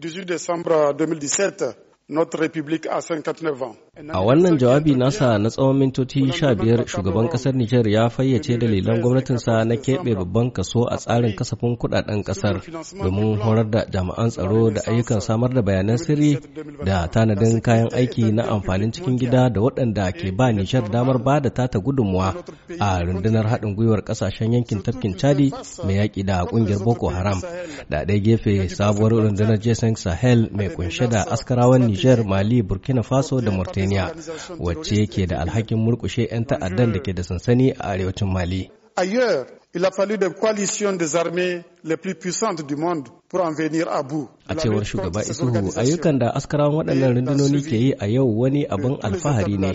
18 décembre 2017, notre République a 59 ans. A wannan jawabi nasa na tsawon mintoci sha biyar shugaban kasar Nijar ya fayyace dalilan gwamnatinsa na keɓe babban kaso a tsarin kasafin kuɗaɗen ƙasar domin horar da jami'an tsaro da ayyukan samar da bayanan sirri da tanadin kayan aiki na amfanin cikin gida da waɗanda ke ba Nijar damar ba da tata gudunmuwa a rundunar haɗin gwiwar ƙasashen yankin tafkin Chadi mai yaƙi da ƙungiyar Boko Haram. Da ɗaya gefe sabuwar rundunar Jason Sahel mai kunshe da askarawan Nijar, Mali, Burkina Faso da Mauritania. Mauritania wacce ke da alhakin murkushe 'yan ta'addan da ke da sansani a arewacin Mali. il a fallu des coalitions des armées les plus puissantes A cewar shugaba Isuhu ayyukan da askarawan waɗannan rundunoni ke yi a yau wani abin alfahari ne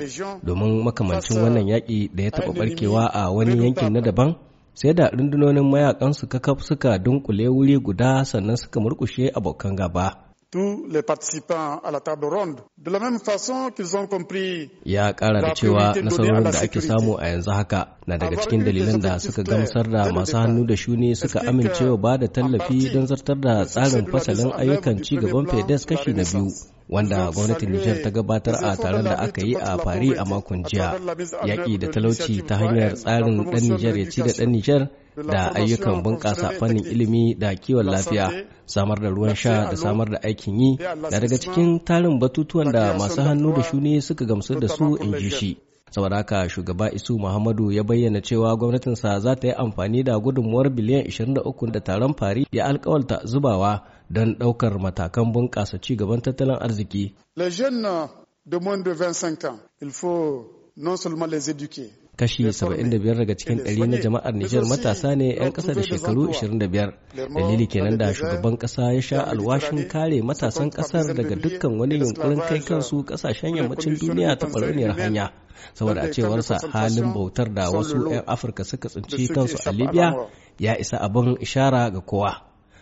domin makamancin wannan yaƙi da ya taɓa ɓarkewa a wani yankin na daban sai da rundunonin mayakan su kakaf suka dunkule wuri guda sannan suka murkushe abokan gaba. tous les participants à la table ronde de ya kara da cewa nasarorin da ake samu a yanzu haka na daga cikin dalilan da suka gamsar da masu hannu da shuni suka amincewa ba da tallafi don zartar da tsarin fasalin ayyukan ci gaban fedes kashi na biyu wanda gwamnatin Nijar ta gabatar a taron da aka yi a fari a makon jiya yaƙi da talauci ta hanyar tsarin ɗan Nijar ya ci da ɗan Nijar da ayyukan bunƙasa fannin ilimi da kiwon lafiya samar da ruwan sha da samar da aikin yi da daga cikin tarin batutuwan da masu hannu da shuni suka gamsu da su in ji shi saboda haka shugaba isu muhammadu ya bayyana cewa gwamnatinsa za ta yi amfani da gudunmuwar biliyan 23 da taron fari ya alkawalta zubawa don ɗaukar matakan bunƙasa ci gaban tattalin arziki. Kashi 75 daga cikin ɗari na jama'ar Nijar matasa ne 'yan ƙasa da shekaru 25. Dalili kenan da shugaban ƙasa ya sha alwashin kare matasan ƙasar daga dukkan wani yunkurin kai kansu ƙasashen yammacin duniya ta ɓarauniyar hanya. saboda a cewarsa halin bautar da wasu 'yan afirka suka tsinci kansu a libya ya isa abin ishara ga kowa